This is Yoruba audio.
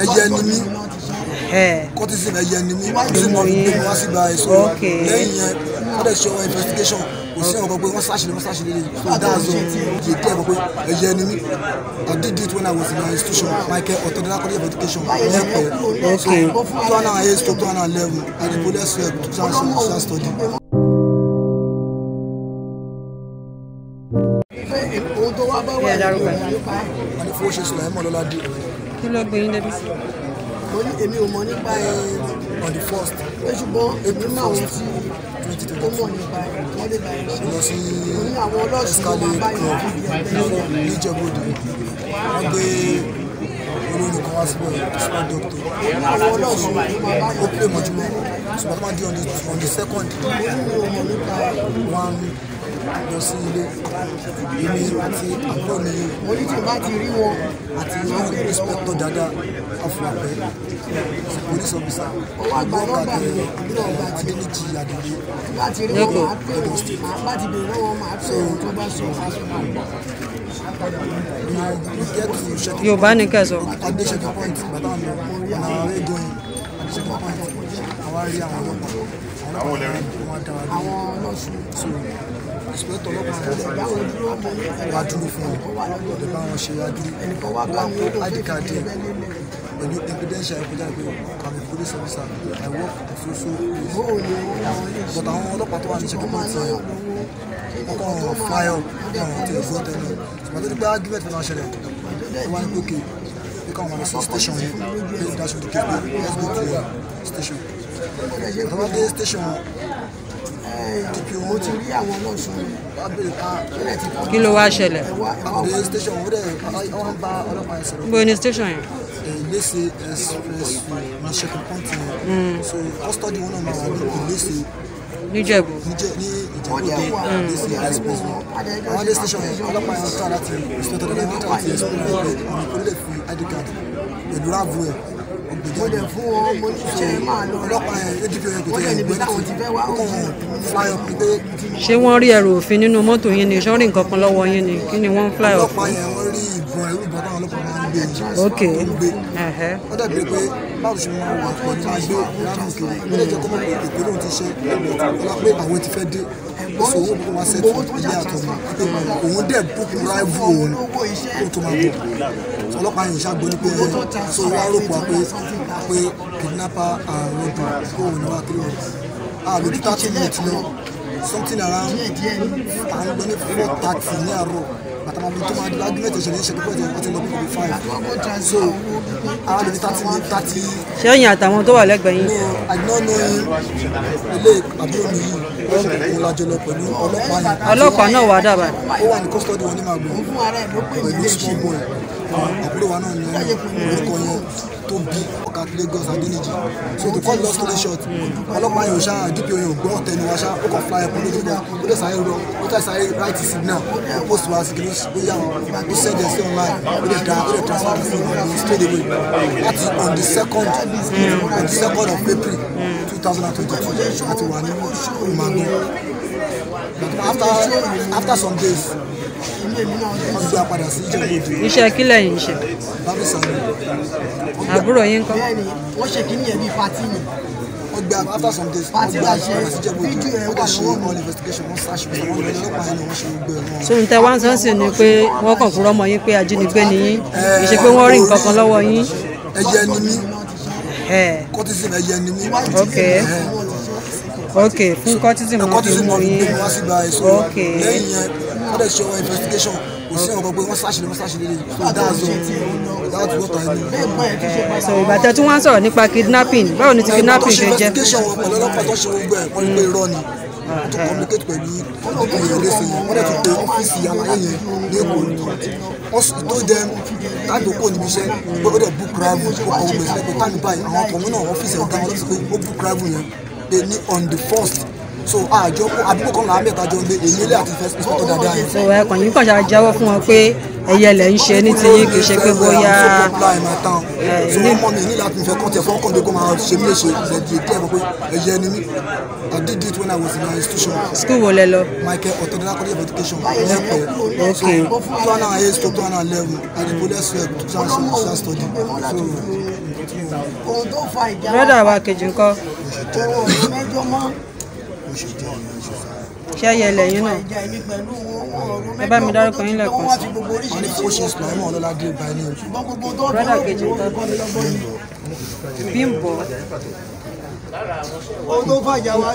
ẹyẹ ni mí cortisone ẹyẹ ni mí tí mo rí pé wọ́n sì gba èso lẹ́yìn yẹn wọ́n dẹ̀ ṣe investigation kò sí ọ̀rọ̀ pé wọ́n ṣàṣìlẹ̀ wọ́n ṣàṣìlẹ̀ lè fún dáàzọ yìí tẹ́ ẹ̀kọ́ pé ẹyẹ ni mí I did it when I was in my institution Michael Otodola College Education lẹ́kọ̀ọ́ so two thousand and eight to two thousand and eleven I dey go there two thousand and seven study. ẹ dárúkọ. wọ́n ní fowó ṣe sùlẹ̀ ẹ̀ mọ́ lọ́ládé kí ló gbé yín débi sí. mo ní èmi ò mọ nípa ẹ on the first pé ṣùgbọ́n èmi máa wọ́n sí tó mọ̀ nípa ẹ̀ wọ́n lè bá ẹ̀ ṣe lọ sí àwọn ọlọ́ọ̀ṣun ló máa bá yẹn níjẹ̀bú òde wọ́n gbé owó nìkan wá síbẹ̀ smart doctor ó pè mọ́júmọ́ ṣùgbọ́n tó máa di on the second one lọ sí ilé èmi àti àbúrò ní tí o bá ti rí wọn àti wọn ní inspector dada afúnàpẹ police officer àbúrò kàkiri adéníjì àdìrí lẹ́kọ̀ọ́ ọ̀dọ̀ state we get to Yorùbá ni kẹsọ. at pẹ̀lú evidence ẹ̀ kọjá pé police officer I work for so so but àwọn ọlọ́pàá tó wà ní check point wọ́n kàn fire ọ̀hún tí ò fún tẹ́lẹ̀ ìgbà tó ní pé argument fẹ́ máa ṣẹlẹ̀ ó wá ní pé okay pé káwọn máa lọ sí station yẹn pé ìdáṣọ tó kéde let's go to station ìgbà station kí ló wá ṣẹlẹ̀. àwọn station wo dẹ̀ wọ́n bá ọlọ́pàá yẹn sọ̀rọ̀. gbogbo ní yẹn. so custody wọn náà máa wà ní Ilese níjẹ̀bù. ní ìjẹ̀bù-dé ní express wọn àwọn mm. dé station yẹn ọlọ́pàá yẹn tọ́ láti ìṣòtò lọ́dọ̀ ní tọ́ láti explain pé ọmọ kò lè ẹ̀ mo dẹ̀ fún wọn mo ní ṣe máa lọ ọlọ́pàá yẹn adp yẹn kò tẹ̀lé ìgbẹ́ láwọn ti fẹ́ wá ó kàn fly ṣé wọ́n rí ẹrù òfin nínú mọ́tò yín ni ṣọ́ọ́rì nǹkan kan lọ́wọ́ yín ni kí ni wọ́n fly up. ọlọ́pàá yẹn wọ́n rí àwọn irú ìbọn táwọn ọlọ́pàá máa ń gbé yìí tó ń gbé wọ́n uh-huh. dẹ̀ pé báwo ṣe máa wà pọ̀ ní máa gbé translate wọ́n dẹ̀ jẹ́ kó mọ̀ pé èkó lóun ti ṣe ọlá pé àwọn ti fẹ́ dé ìṣòwò kó wá sẹ́tù ilé àtọ̀mọ̀ òun dẹ̀ búkú ráìvù òun kó tó máa bọ̀ ọlọ́pàá yìí ṣàgbọ́ ní pé so wá rò pé pé kidnapper and uh, robber kó òun ní wá three hundred ah lójú tá something around à ń lọ ní four thirty ní àárọ̀ àtàwọn ọmọ tó máa di argument ìṣẹ̀lẹ̀ ìṣẹ̀lẹ̀ pẹ̀lú ọtí lọ bí five so àwọn lè thirty ní thirty. ṣẹ́yìn àtàwọn tó wà lẹ́gbẹ̀ẹ́ yín. no àgbọn ní ilé àbí omi yìí wọ́n lajọ lọ pẹ̀lú ọlọ́pàá yìí. ọlọ́pàá náà wà dábàá. ó wà ní custody wọn ní màgbọ́n pẹ̀lú small boy àbúrò wa náà ní orúkọ yẹn tó bí ọkà Lagos Adéníjì so to call long story short ọlọ́pàá yẹn ò ṣá DPO yẹn ò gbọ́ ọ̀tẹ̀ni wa ṣá ó kàn fly ẹ̀kọ́ lójú kan ó lè sáré rọ ó tẹ̀ sáré right signal ó post wa sikiri ó yà wọn ó send ẹsẹ̀ online ó lè dra ó lè transfer the fee on straight away that is on the second on the second of April two thousand and twenty-two àti wà ní ìmàgbọ́n after after some days gbà padà sí ìjẹ̀bú òde. iṣẹ́ kí lẹ́yìn iṣẹ́. bábí sàmì. àbúrò yín kọ́. bẹ́ẹ̀ni wọ́n ṣe kí ní ẹ̀bí pati ni. wọ́n gbé after some days wọ́n gbé àṣẹ padà sí ìjẹ̀bú wọ́n kà ṣe investigation wọ́n ṣàṣù wọ́n lọ lọ́pàá yẹn wọ́n ṣe gbé wọn. so wá ń sọ sí ni pé wọ́n kàn fúnra ọmọ yín pé ajínigbé ni yín eh, kì pé wọ́n rí nǹkan kan lọ́wọ́ yín. ẹyẹ ni mí kọ́tísìn eh. ẹyẹ ni mí. ok ok fún kọ́tísìn eh, wọn fi mú ok. lẹ́yìn yẹn wọ́n dẹ̀ ṣe ọ̀rọ̀ investigation kò sí ọ̀rọ̀ pé wọ́n ṣàṣìlẹ̀ wọ́n ṣàṣìlẹ̀ lè so that's all that's what I know. sọ ìgbà tẹ tí wọ́n ń sọ̀rọ̀ nípa kidnapping báwo ni ti kidnapping ṣe jẹ́. investigation pẹ̀lú ọlọ́pàá tó ṣe gbogbo ẹ̀ wọ́n ní pé irọ́ ni to communicate pẹ̀lú ẹ̀yẹ lẹ́sìn yẹn wọ́n dẹ̀ tún pe ọ́fíìsì àlàyé yẹn ní èkó ọ̀sùn tó dẹ táàbì kò níbi iṣẹ́ pé ó dẹ̀ book travel ó kọ̀ wọ́n gbèsè pé táàbì báyìí àwọn ọkọ̀ mi náà ọ́fíìsì ọ̀gá wọn ló ti pé ó book travel yẹn pé ní on the first so àjọ kó àdúgbò kan làwọn mẹ́ta jọ lé èmi ilé àti first inspector dáadáa yẹn. so ẹ̀kan yìí kàn ṣáà jẹ́wọ́ fún wọn pé ẹyẹ lẹ̀ ń ṣe ní ti yín kì í ṣe pé bóyá. so ọmọ mi ní láti fẹ́ kọ́ńtẹ̀ fún ọkàn mi kó máa ṣe mí léṣe lẹ́dí ètò ẹ̀fọ́ pé ẹyẹ ni mí I did it when I was in my institution. school wo lẹ lọ. Michael Otodola College of Education lẹpẹ. ok two hundred and eight to two hundred and eleven I dey go there swear to transfer to study. brother wa kejì ńkọ́ bó ṣe jẹ́ ìlú ṣe fà á. ṣé ayé ẹlẹ́yìn náà ẹ bá mi dárúkọ yín lẹ́ẹ̀kan sí. wọ́n kejì ń tọ́jú Bímbọ́. ohun tó fàjà wá